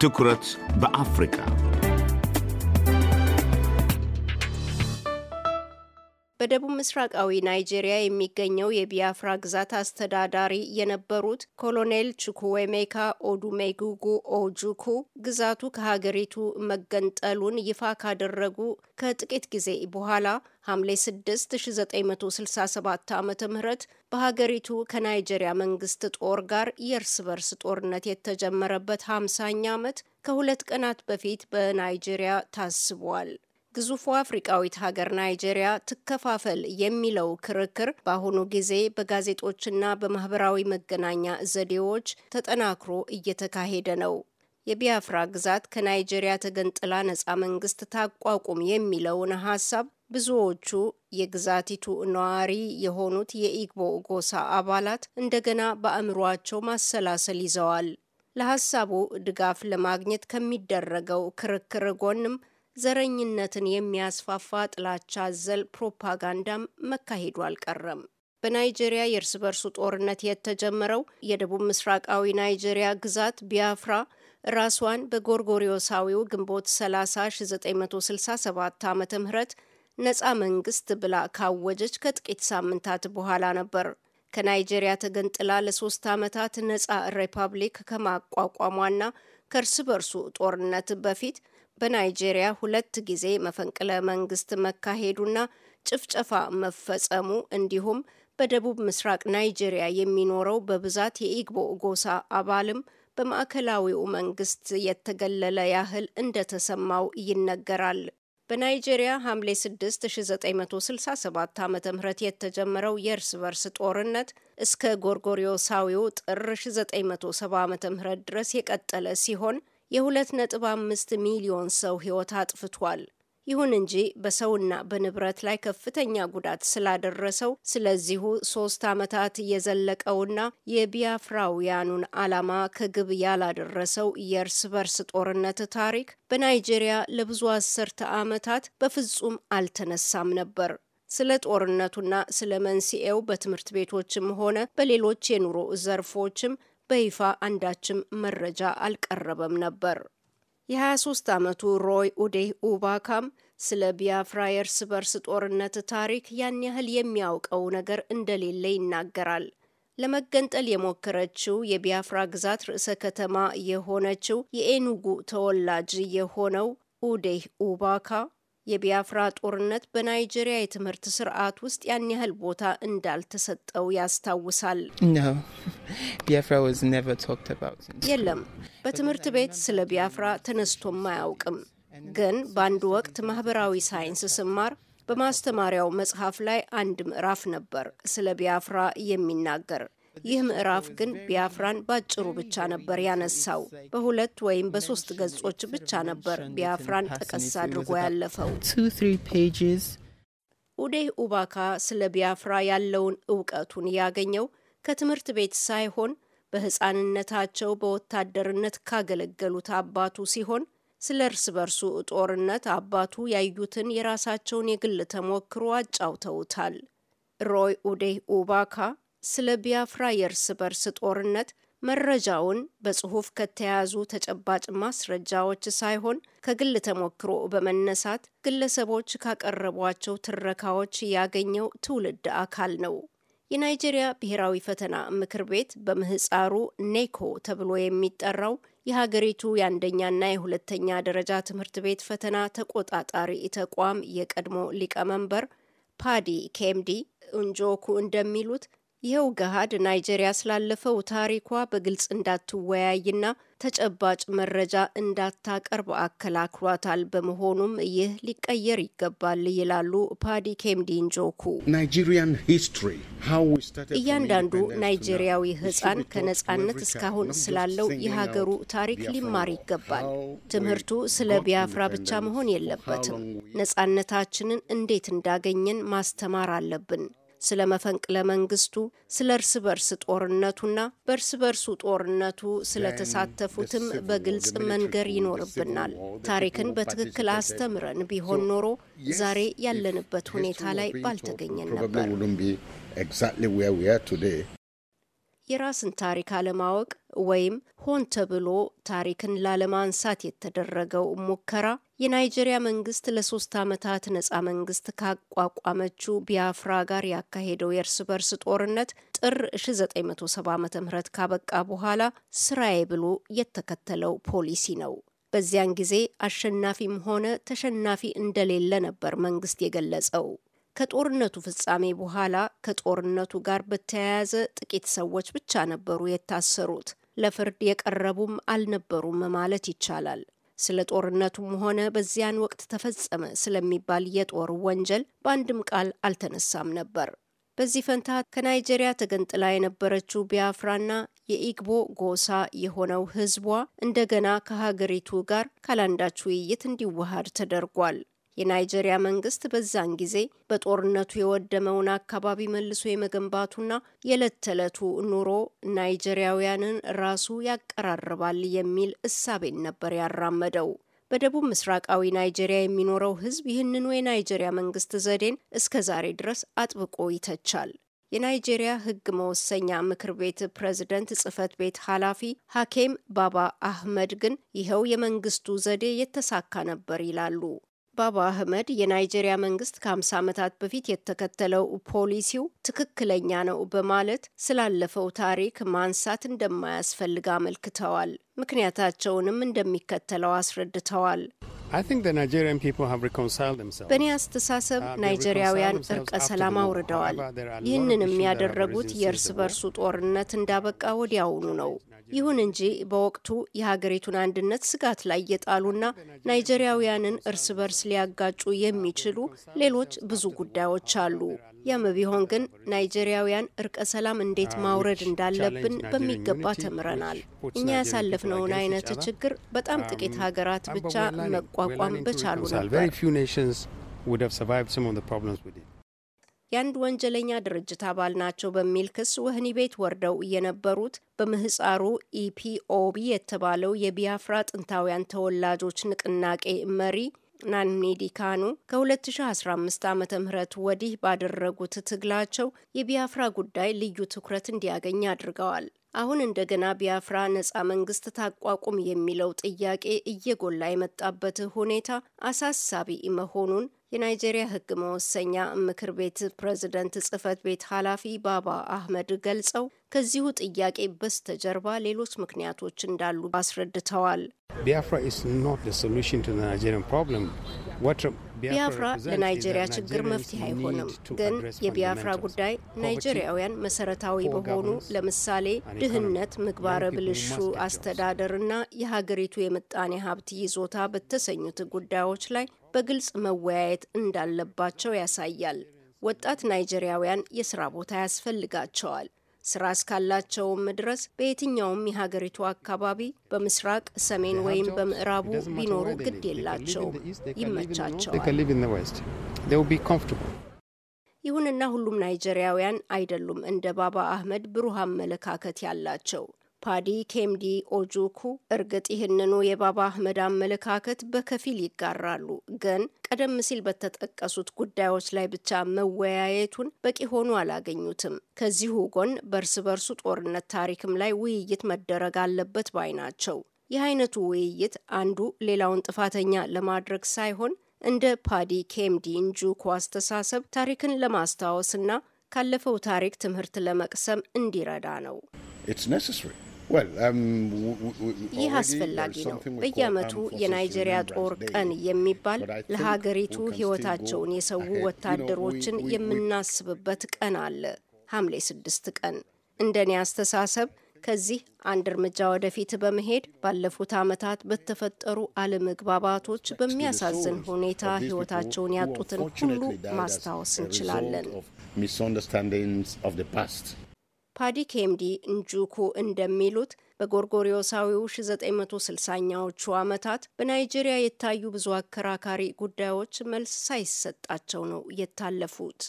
ትኩረት በአፍሪካ በደቡብ ምስራቃዊ ናይጄሪያ የሚገኘው የቢያፍራ ግዛት አስተዳዳሪ የነበሩት ኮሎኔል ቹኩዌሜካ ኦዱሜጉጉ ኦጁኩ ግዛቱ ከሀገሪቱ መገንጠሉን ይፋ ካደረጉ ከጥቂት ጊዜ በኋላ ሐምሌ 6 1967 ዓ ም በሀገሪቱ ከናይጄሪያ መንግስት ጦር ጋር የእርስ በርስ ጦርነት የተጀመረበት 50ኛ ዓመት ከሁለት ቀናት በፊት በናይጄሪያ ታስቧል። ግዙፉ አፍሪቃዊት ሀገር ናይጄሪያ ትከፋፈል የሚለው ክርክር በአሁኑ ጊዜ በጋዜጦችና በማህበራዊ መገናኛ ዘዴዎች ተጠናክሮ እየተካሄደ ነው። የቢያፍራ ግዛት ከናይጄሪያ ተገንጥላ ነጻ መንግስት ታቋቁም የሚለውን ሀሳብ ብዙዎቹ የግዛቲቱ ነዋሪ የሆኑት የኢግቦ ጎሳ አባላት እንደገና በአእምሯቸው ማሰላሰል ይዘዋል። ለሀሳቡ ድጋፍ ለማግኘት ከሚደረገው ክርክር ጎንም ዘረኝነትን የሚያስፋፋ ጥላቻ አዘል ፕሮፓጋንዳም መካሄዱ አልቀረም። በናይጄሪያ የእርስ በርሱ ጦርነት የተጀመረው የደቡብ ምስራቃዊ ናይጄሪያ ግዛት ቢያፍራ ራሷን በጎርጎሪዮሳዊው ግንቦት 30 1967 ዓ ም ነፃ መንግስት ብላ ካወጀች ከጥቂት ሳምንታት በኋላ ነበር ከናይጄሪያ ተገንጥላ ለሶስት ዓመታት ነፃ ሪፐብሊክ ከማቋቋሟና ከእርስ በርሱ ጦርነት በፊት በናይጄሪያ ሁለት ጊዜ መፈንቅለ መንግስት መካሄዱና ጭፍጨፋ መፈጸሙ እንዲሁም በደቡብ ምስራቅ ናይጄሪያ የሚኖረው በብዛት የኢግቦ ጎሳ አባልም በማዕከላዊው መንግስት የተገለለ ያህል እንደተሰማው ይነገራል። በናይጄሪያ ሐምሌ 6 1967 ዓ ም የተጀመረው የእርስ በርስ ጦርነት እስከ ጎርጎሪዮሳዊው ጥር 1970 ዓ ም ድረስ የቀጠለ ሲሆን የ2.5 ሚሊዮን ሰው ሕይወት አጥፍቷል። ይሁን እንጂ በሰውና በንብረት ላይ ከፍተኛ ጉዳት ስላደረሰው ስለዚሁ ሶስት ዓመታት የዘለቀውና የቢያፍራውያኑን ዓላማ ከግብ ያላደረሰው የእርስ በርስ ጦርነት ታሪክ በናይጄሪያ ለብዙ አስርተ ዓመታት በፍጹም አልተነሳም ነበር። ስለ ጦርነቱና ስለ መንስኤው በትምህርት ቤቶችም ሆነ በሌሎች የኑሮ ዘርፎችም በይፋ አንዳችም መረጃ አልቀረበም ነበር። የ23 ዓመቱ ሮይ ኡዴህ ኡባካም ስለ ቢያፍራ የእርስ በርስ ጦርነት ታሪክ ያን ያህል የሚያውቀው ነገር እንደሌለ ይናገራል። ለመገንጠል የሞከረችው የቢያፍራ ግዛት ርዕሰ ከተማ የሆነችው የኤኑጉ ተወላጅ የሆነው ኡዴህ ኡባካ የቢያፍራ ጦርነት በናይጄሪያ የትምህርት ስርዓት ውስጥ ያን ያህል ቦታ እንዳልተሰጠው ያስታውሳል። የለም፣ በትምህርት ቤት ስለ ቢያፍራ ተነስቶም አያውቅም። ግን በአንድ ወቅት ማህበራዊ ሳይንስ ስማር በማስተማሪያው መጽሐፍ ላይ አንድ ምዕራፍ ነበር ስለ ቢያፍራ የሚናገር። ይህ ምዕራፍ ግን ቢያፍራን ባጭሩ ብቻ ነበር ያነሳው። በሁለት ወይም በሶስት ገጾች ብቻ ነበር ቢያፍራን ጠቀስ አድርጎ ያለፈው። ኡዴህ ኡባካ ስለ ቢያፍራ ያለውን እውቀቱን ያገኘው ከትምህርት ቤት ሳይሆን በሕፃንነታቸው በወታደርነት ካገለገሉት አባቱ ሲሆን ስለ እርስ በርሱ ጦርነት አባቱ ያዩትን የራሳቸውን የግል ተሞክሮ አጫውተውታል። ሮይ ኡዴህ ኡባካ ስለ ቢያፍራ የእርስ በርስ ጦርነት መረጃውን በጽሑፍ ከተያዙ ተጨባጭ ማስረጃዎች ሳይሆን ከግል ተሞክሮ በመነሳት ግለሰቦች ካቀረቧቸው ትረካዎች ያገኘው ትውልድ አካል ነው። የናይጄሪያ ብሔራዊ ፈተና ምክር ቤት በምህፃሩ ኔኮ ተብሎ የሚጠራው የሀገሪቱ የአንደኛና የሁለተኛ ደረጃ ትምህርት ቤት ፈተና ተቆጣጣሪ ተቋም የቀድሞ ሊቀመንበር ፓዲ ኬምዲ እንጆኩ እንደሚሉት ይኸው ገሃድ ናይጄሪያ ስላለፈው ታሪኳ በግልጽ እንዳትወያይና ተጨባጭ መረጃ እንዳታቀርብ አከላክሏታል። በመሆኑም ይህ ሊቀየር ይገባል ይላሉ ፓዲ ኬምዲንጆኩ እያንዳንዱ ናይጄሪያዊ ሕፃን ከነጻነት እስካሁን ስላለው የሀገሩ ታሪክ ሊማር ይገባል። ትምህርቱ ስለ ቢያፍራ ብቻ መሆን የለበትም። ነጻነታችንን እንዴት እንዳገኘን ማስተማር አለብን። ስለ መፈንቅለ መንግስቱ፣ ስለ እርስ በርስ ጦርነቱና በእርስ በርሱ ጦርነቱ ስለተሳተፉትም በግልጽ መንገር ይኖርብናል። ታሪክን በትክክል አስተምረን ቢሆን ኖሮ ዛሬ ያለንበት ሁኔታ ላይ ባልተገኘን ነበር። የራስን ታሪክ አለማወቅ ወይም ሆን ተብሎ ታሪክን ላለማንሳት የተደረገው ሙከራ የናይጄሪያ መንግስት ለሶስት ዓመታት ነጻ መንግስት ካቋቋመችው ቢያፍራ ጋር ያካሄደው የእርስ በርስ ጦርነት ጥር 1970 ዓ ም ካበቃ በኋላ ስራዬ ብሎ የተከተለው ፖሊሲ ነው። በዚያን ጊዜ አሸናፊም ሆነ ተሸናፊ እንደሌለ ነበር መንግስት የገለጸው። ከጦርነቱ ፍጻሜ በኋላ ከጦርነቱ ጋር በተያያዘ ጥቂት ሰዎች ብቻ ነበሩ የታሰሩት። ለፍርድ የቀረቡም አልነበሩም ማለት ይቻላል። ስለ ጦርነቱም ሆነ በዚያን ወቅት ተፈጸመ ስለሚባል የጦር ወንጀል በአንድም ቃል አልተነሳም ነበር። በዚህ ፈንታ ከናይጄሪያ ተገንጥላ የነበረችው ቢያፍራና የኢግቦ ጎሳ የሆነው ሕዝቧ እንደገና ከሀገሪቱ ጋር ካላንዳች ውይይት እንዲዋሃድ ተደርጓል። የናይጄሪያ መንግስት በዛን ጊዜ በጦርነቱ የወደመውን አካባቢ መልሶ የመገንባቱና የዕለት ተዕለቱ ኑሮ ናይጄሪያውያንን ራሱ ያቀራርባል የሚል እሳቤን ነበር ያራመደው። በደቡብ ምስራቃዊ ናይጄሪያ የሚኖረው ሕዝብ ይህንኑ የናይጄሪያ መንግስት ዘዴን እስከ ዛሬ ድረስ አጥብቆ ይተቻል። የናይጄሪያ ሕግ መወሰኛ ምክር ቤት ፕሬዝደንት ጽህፈት ቤት ኃላፊ ሐኬም ባባ አህመድ ግን ይኸው የመንግስቱ ዘዴ የተሳካ ነበር ይላሉ። ባባ አህመድ የናይጄሪያ መንግስት ከ50 ዓመታት በፊት የተከተለው ፖሊሲው ትክክለኛ ነው በማለት ስላለፈው ታሪክ ማንሳት እንደማያስፈልግ አመልክተዋል። ምክንያታቸውንም እንደሚከተለው አስረድተዋል። በእኔ አስተሳሰብ uh, ናይጄሪያውያን እርቀ ሰላም አውርደዋል። ይህንንም ያደረጉት የእርስ በርሱ ጦርነት እንዳበቃ ወዲያውኑ ነው። ይሁን እንጂ በወቅቱ የሀገሪቱን አንድነት ስጋት ላይ የጣሉና ናይጄሪያውያንን እርስ በርስ ሊያጋጩ የሚችሉ ሌሎች ብዙ ጉዳዮች አሉ። ያም ቢሆን ግን ናይጄሪያውያን እርቀ ሰላም እንዴት ማውረድ እንዳለብን በሚገባ ተምረናል። እኛ ያሳለፍነውን አይነት ችግር በጣም ጥቂት ሀገራት ብቻ መቋቋም በቻሉ ነበር። የአንድ ወንጀለኛ ድርጅት አባል ናቸው በሚል ክስ ወህኒ ቤት ወርደው የነበሩት በምህፃሩ ኢፒኦቢ የተባለው የቢያፍራ ጥንታውያን ተወላጆች ንቅናቄ መሪ ናንዲ ካኑ ከ2015 ዓ ም ወዲህ ባደረጉት ትግላቸው የቢያፍራ ጉዳይ ልዩ ትኩረት እንዲያገኝ አድርገዋል። አሁን እንደገና ቢያፍራ ነጻ መንግስት ታቋቁም የሚለው ጥያቄ እየጎላ የመጣበት ሁኔታ አሳሳቢ መሆኑን የናይጄሪያ ህግ መወሰኛ ምክር ቤት ፕሬዝደንት ጽህፈት ቤት ኃላፊ ባባ አህመድ ገልጸው ከዚሁ ጥያቄ በስተጀርባ ሌሎች ምክንያቶች እንዳሉ አስረድተዋል። ቢያፍራ ኢዝ ኖት ሶሉሽን ቱ ናይጄሪያን ፕሮብለም ቢያፍራ ለናይጄሪያ ችግር መፍትሄ አይሆንም፣ ግን የቢያፍራ ጉዳይ ናይጄሪያውያን መሰረታዊ በሆኑ ለምሳሌ ድህነት፣ ምግባረ ብልሹ አስተዳደርና የሀገሪቱ የምጣኔ ሀብት ይዞታ በተሰኙት ጉዳዮች ላይ በግልጽ መወያየት እንዳለባቸው ያሳያል። ወጣት ናይጄሪያውያን የስራ ቦታ ያስፈልጋቸዋል። ስራ እስካላቸውም ድረስ በየትኛውም የሀገሪቱ አካባቢ በምስራቅ፣ ሰሜን ወይም በምዕራቡ ቢኖሩ ግድ የላቸው፣ ይመቻቸዋል። ይሁንና ሁሉም ናይጀሪያውያን አይደሉም እንደ ባባ አህመድ ብሩህ አመለካከት ያላቸው። ፓዲ ኬምዲ ኦጁኩ እርግጥ ይህንኑ የባባ አህመድ አመለካከት በከፊል ይጋራሉ፣ ግን ቀደም ሲል በተጠቀሱት ጉዳዮች ላይ ብቻ መወያየቱን በቂ ሆኑ አላገኙትም። ከዚሁ ጎን በእርስ በርሱ ጦርነት ታሪክም ላይ ውይይት መደረግ አለበት ባይ ናቸው። ይህ አይነቱ ውይይት አንዱ ሌላውን ጥፋተኛ ለማድረግ ሳይሆን እንደ ፓዲ ኬምዲ እንጁኩ አስተሳሰብ ታሪክን ለማስታወስና ካለፈው ታሪክ ትምህርት ለመቅሰም እንዲረዳ ነው። Um, ይህ uh, አስፈላጊ ነው። በየዓመቱ የናይጄሪያ ጦር ቀን የሚባል ለሀገሪቱ ሕይወታቸውን የሰው ወታደሮችን የምናስብበት ቀን አለ፣ ሐምሌ ስድስት ቀን። እንደኔ አስተሳሰብ ከዚህ አንድ እርምጃ ወደፊት በመሄድ ባለፉት ዓመታት በተፈጠሩ አለመግባባቶች በሚያሳዝን ሁኔታ ሕይወታቸውን ያጡትን ሁሉ ማስታወስ እንችላለን። ፓዲ ኬምዲ እንጁኩ እንደሚሉት በጎርጎሪዮሳዊው 1960ኛዎቹ ዓመታት በናይጄሪያ የታዩ ብዙ አከራካሪ ጉዳዮች መልስ ሳይሰጣቸው ነው የታለፉት።